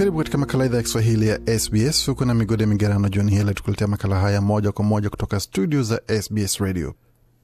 Karibu katika makala idhaa ya Kiswahili ya SBS huku na migode migerano. Jioni hii tukuletea makala haya moja kwa moja kutoka studio za SBS Radio.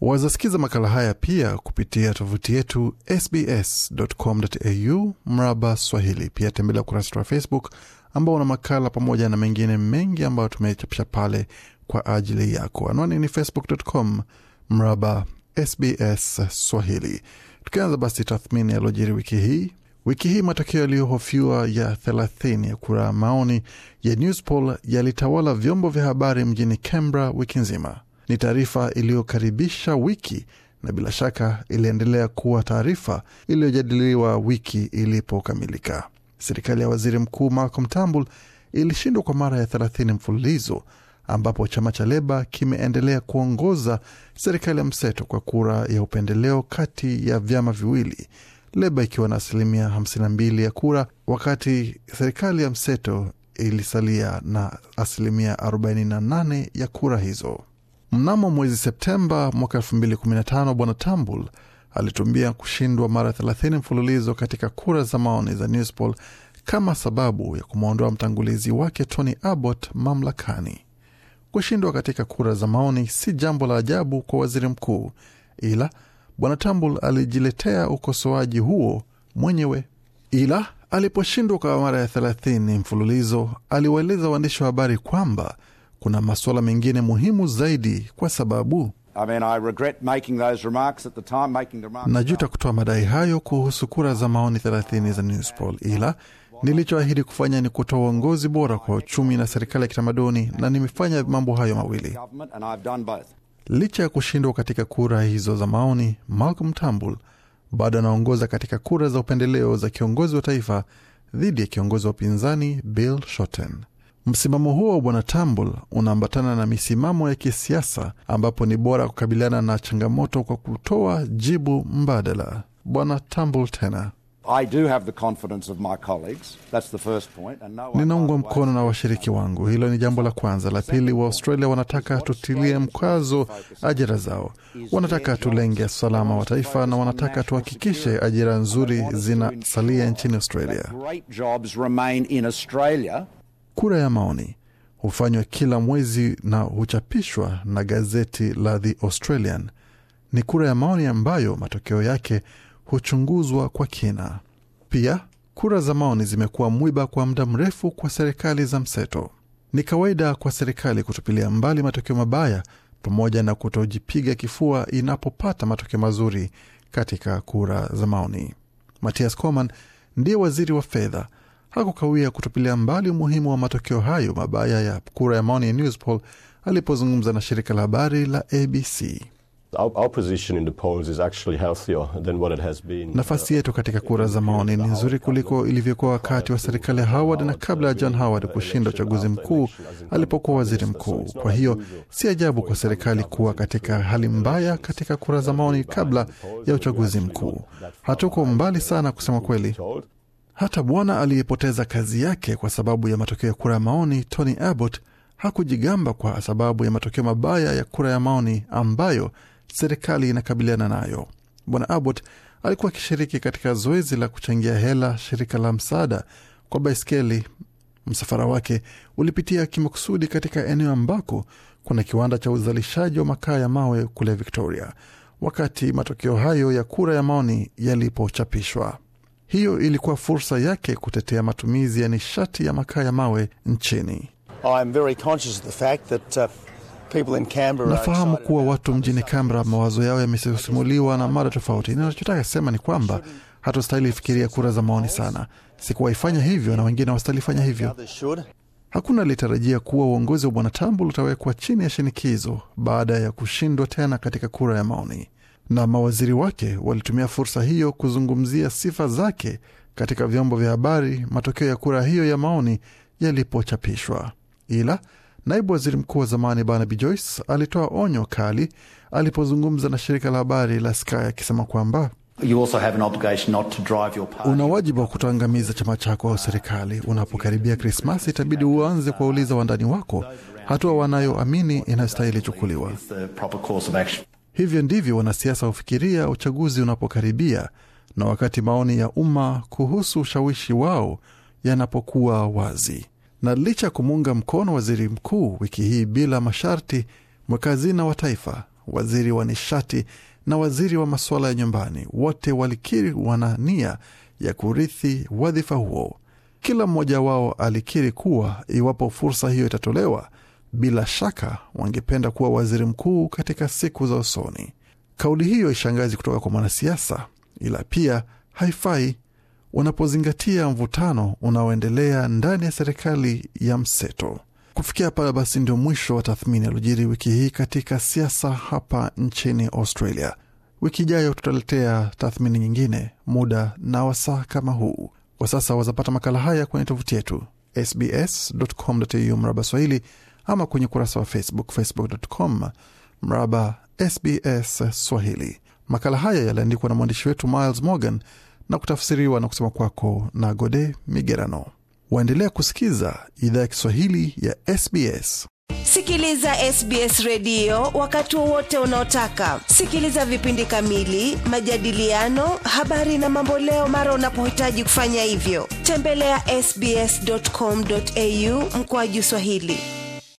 Wazasikiza makala haya pia kupitia tovuti yetu sbs.com.au mraba Swahili. Pia tembelea ukurasa wa Facebook ambao una makala pamoja na mengine mengi ambayo tumechapisha pale kwa ajili yako. Anwani ni facebook.com mraba SBS Swahili. Tukianza basi tathmini yaliojiri wiki hii Wiki hii matokeo yaliyohofiwa ya 30 ya kura maoni ya Newspoll yalitawala vyombo vya habari mjini Canberra wiki nzima. Ni taarifa iliyokaribisha wiki na bila shaka iliendelea kuwa taarifa iliyojadiliwa wiki ilipokamilika. Serikali ya waziri mkuu Malcolm Turnbull ilishindwa kwa mara ya 30 mfululizo, ambapo chama cha Leba kimeendelea kuongoza serikali ya mseto kwa kura ya upendeleo kati ya vyama viwili Leba ikiwa na asilimia 52 ya kura, wakati serikali ya mseto ilisalia na asilimia 48 ya kura hizo. Mnamo mwezi Septemba mwaka 2015 Bwana Tambul alitumia kushindwa mara 30 mfululizo katika kura za maoni za Newspoll kama sababu ya kumwondoa mtangulizi wake Tony Abbott mamlakani. Kushindwa katika kura za maoni si jambo la ajabu kwa waziri mkuu, ila Bwana Tambul alijiletea ukosoaji huo mwenyewe, ila aliposhindwa kwa mara ya thelathini mfululizo aliwaeleza waandishi wa habari kwamba kuna masuala mengine muhimu zaidi, kwa sababu I mean, najuta kutoa madai hayo kuhusu kura za maoni thelathini za Newspoll, ila nilichoahidi kufanya ni kutoa uongozi bora kwa uchumi na serikali ya kitamaduni, na nimefanya mambo hayo mawili. Licha ya kushindwa katika kura hizo za maoni, Malcolm tambul bado anaongoza katika kura za upendeleo za kiongozi wa taifa dhidi ya kiongozi wa upinzani Bill Shorten. Msimamo huo wa bwana tambul unaambatana na misimamo ya kisiasa ambapo ni bora kukabiliana na changamoto kwa kutoa jibu mbadala. Bwana tambul tena Ninaungwa mkono na washiriki wangu, hilo ni jambo la kwanza. La pili, Waaustralia wanataka tutilie mkazo ajira zao, wanataka tulenge usalama wa taifa na wanataka tuhakikishe ajira nzuri zinasalia nchini Australia. Kura ya maoni hufanywa kila mwezi na huchapishwa na gazeti la The Australian. Ni kura ya maoni ambayo matokeo yake huchunguzwa kwa kina. Pia kura za maoni zimekuwa mwiba kwa muda mrefu kwa serikali za mseto. Ni kawaida kwa serikali kutupilia mbali matokeo mabaya pamoja na kutojipiga kifua inapopata matokeo mazuri katika kura za maoni. Matias Coman ndiye waziri wa fedha, hakukawia kutupilia mbali umuhimu wa matokeo hayo mabaya ya kura ya maoni ya Newspoll alipozungumza na shirika la habari la ABC. Nafasi uh, yetu katika kura za maoni ni nzuri kuliko ilivyokuwa wakati wa serikali ya Howard na kabla ya John Howard kushinda uchaguzi mkuu alipokuwa waziri mkuu. Kwa hiyo si ajabu kwa serikali kuwa katika hali mbaya katika kura za maoni kabla ya uchaguzi mkuu. Hatuko mbali sana kusema kweli. Hata bwana aliyepoteza kazi yake kwa sababu ya matokeo ya kura ya maoni, Tony Abbott, hakujigamba kwa sababu ya matokeo mabaya ya kura ya maoni ambayo serikali inakabiliana nayo. Bwana Abbott alikuwa akishiriki katika zoezi la kuchangia hela shirika la msaada kwa baiskeli. Msafara wake ulipitia kimakusudi katika eneo ambako kuna kiwanda cha uzalishaji wa makaa ya mawe kule Victoria, wakati matokeo hayo ya kura ya maoni yalipochapishwa. Hiyo ilikuwa fursa yake kutetea matumizi ya nishati ya makaa ya mawe nchini. I am very conscious of the fact that, uh... Nafahamu kuwa watu mjini Canberra mawazo yao yamesisimuliwa na mada tofauti. Ninachotaka sema ni kwamba hatustahili fikiria kura za maoni sana. Sikuwaifanya hivyo na wengine hawastahili fanya hivyo. Hakuna alitarajia kuwa uongozi wa bwana Tambul utawekwa chini ya shinikizo baada ya kushindwa tena katika kura ya maoni, na mawaziri wake walitumia fursa hiyo kuzungumzia sifa zake katika vyombo vya habari matokeo ya kura hiyo ya maoni yalipochapishwa, ila Naibu waziri mkuu wa zamani Barnaby Joyce alitoa onyo kali alipozungumza na shirika la habari la Sky akisema kwamba una wajibu wa kutoangamiza chama chako au serikali. Unapokaribia Krismasi, itabidi uanze kuwauliza wandani wako hatua wanayoamini inayostahili chukuliwa. Hivyo ndivyo wanasiasa hufikiria uchaguzi unapokaribia na wakati maoni ya umma kuhusu ushawishi wao yanapokuwa wazi na licha ya kumuunga mkono waziri mkuu wiki hii bila masharti, mweka hazina wa taifa, waziri wa nishati na waziri wa masuala ya nyumbani wote walikiri wana nia ya kurithi wadhifa huo. Kila mmoja wao alikiri kuwa iwapo fursa hiyo itatolewa, bila shaka wangependa kuwa waziri mkuu katika siku za usoni. Kauli hiyo ishangazi kutoka kwa mwanasiasa, ila pia haifai wanapozingatia mvutano unaoendelea ndani ya serikali ya mseto. Kufikia hapa basi ndio mwisho wa tathmini yaliojiri wiki hii katika siasa hapa nchini Australia. Wiki ijayo tutaletea tathmini nyingine, muda na wasaa kama huu. Kwa sasa wazapata makala haya kwenye tovuti yetu sbs.com.au mraba Swahili, ama kwenye ukurasa wa Facebook, facebook.com mraba SBS Swahili. Makala haya yaliandikwa na mwandishi wetu Miles Morgan na kutafsiriwa na kusema kwako na Gode Migerano. Waendelea kusikiza idhaa ya Kiswahili ya SBS. Sikiliza SBS redio wakati wowote unaotaka. Sikiliza vipindi kamili, majadiliano, habari na mamboleo mara unapohitaji kufanya hivyo. Tembelea ya sbs.com.au mkoaju Swahili.